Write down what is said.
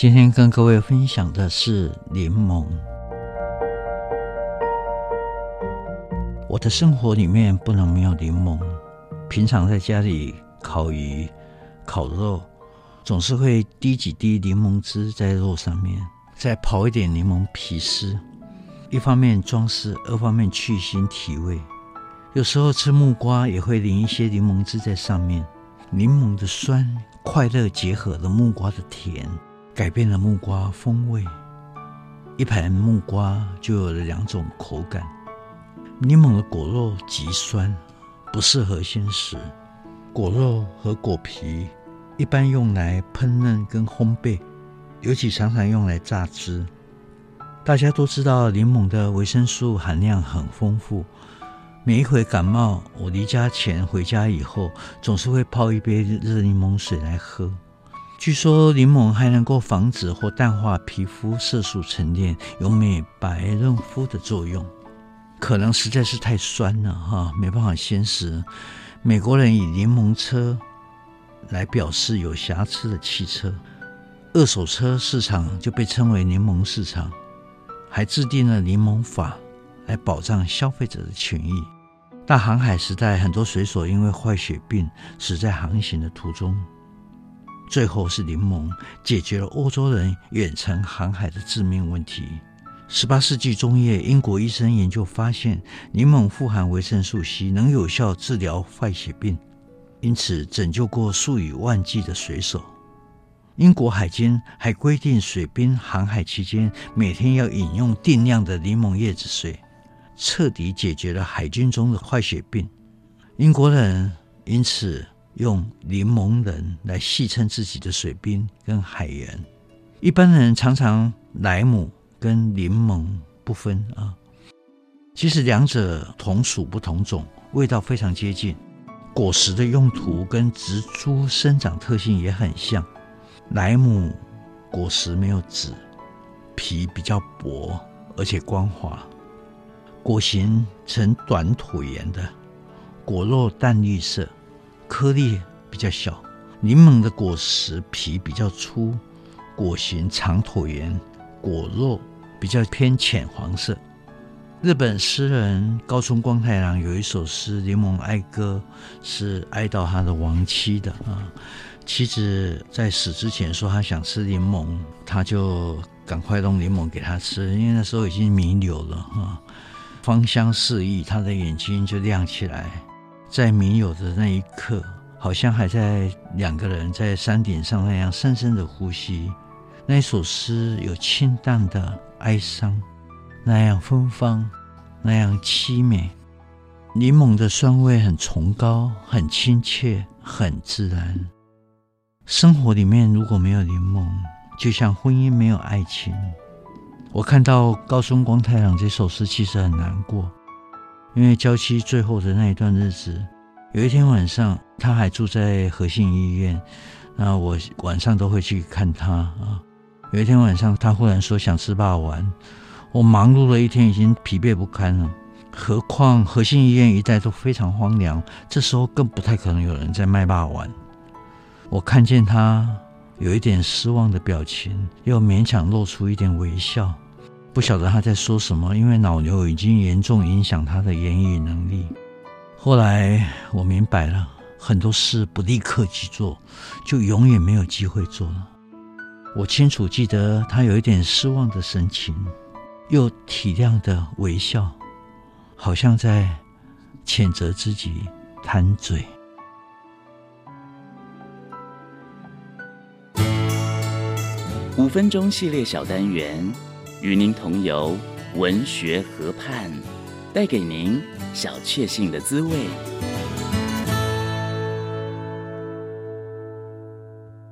今天跟各位分享的是檸檬。我的生活裡面不能沒有檸檬。平常在家裡烤魚、烤肉，總是會滴幾滴檸檬汁在肉上面，再刨一點檸檬皮絲，一方面裝飾，二方面去腥提味。有時候吃木瓜也會淋一些檸檬汁在上面，檸檬的酸快樂結合了木瓜的甜。改變了木瓜風味，一盤木瓜就有了兩種口感。檸檬的果肉極酸，不適合鮮食。果肉和果皮一般用來烹飪跟烘焙，尤其常常用來榨汁。大家都知道，檸檬的維生素含量很豐富。每一回感冒，我離家前回家以後，總是會泡一杯熱檸檬水來喝。據說檸檬還能夠防止或淡化皮膚色素沉澱，有美白潤膚的作用。可能實在是太酸了哈，沒辦法鮮食。美國人以檸檬車來表示有瑕疵的汽車，二手車市場就被稱為“檸檬市場”，還制定了《檸檬法》來保障消費者的權益。大航海時代，很多水手因為壞血病死在航行的途中。最後是檸檬解決了歐洲人遠程航海的致命問題。十八世紀中葉，英國醫生研究發現，檸檬富含維生素 C，能有效治療壞血病，因此拯救過數以萬計的水手。英國海軍還規定，水兵航海期間每天要飲用定量的檸檬葉子水，徹底解決了海軍中的壞血病。英國人因此。用檸檬人來戲稱自己的水兵跟海員，一般人常常萊姆跟檸檬不分啊。其實兩者同屬不同種，味道非常接近，果實的用途跟植株生長特性也很像。萊姆果實沒有籽，皮比較薄而且光滑，果形呈短橢圓的，果肉淡綠色。顆粒比較小，檸檬的果實皮比較粗，果形長橢圓，果肉比較偏淺黃色。日本詩人高村光太郎有一首詩《檸檬哀歌》，是哀悼他的亡妻的啊。妻子在死之前說她想吃檸檬，他就趕快弄檸檬給她吃，因為那時候已經彌留了啊，芳香四溢，她的眼睛就亮起來。在明友的那一刻，好像還在兩個人在山頂上那樣深深的呼吸。那一首詩有清淡的哀傷，那樣芬芳，那樣淒美。檸檬的酸味很崇高，很親切，很自然。生活裡面如果沒有檸檬，就像婚姻沒有愛情。我看到高松光太郎這首詩，其實很難過。因為焦妻最後的那一段日子，有一天晚上，她還住在和信醫院，那我晚上都會去看她啊。有一天晚上，她忽然說想吃肉圓，我忙碌了一天已經疲憊不堪了，何況和信醫院一帶都非常荒涼，這時候更不太可能有人在賣肉圓。我看見她有一點失望的表情，又勉強露出一點微笑。不曉得他在說什麼，因為腦瘤已經嚴重影響他的言語能力。後來我明白了，很多事不立刻去做，就永遠沒有機會做了。我清楚記得他有一點失望的神情，又體諒的微笑，好像在譴責自己貪嘴。五分鐘系列小單元。與您同遊文學河畔，帶給您小確幸的滋味。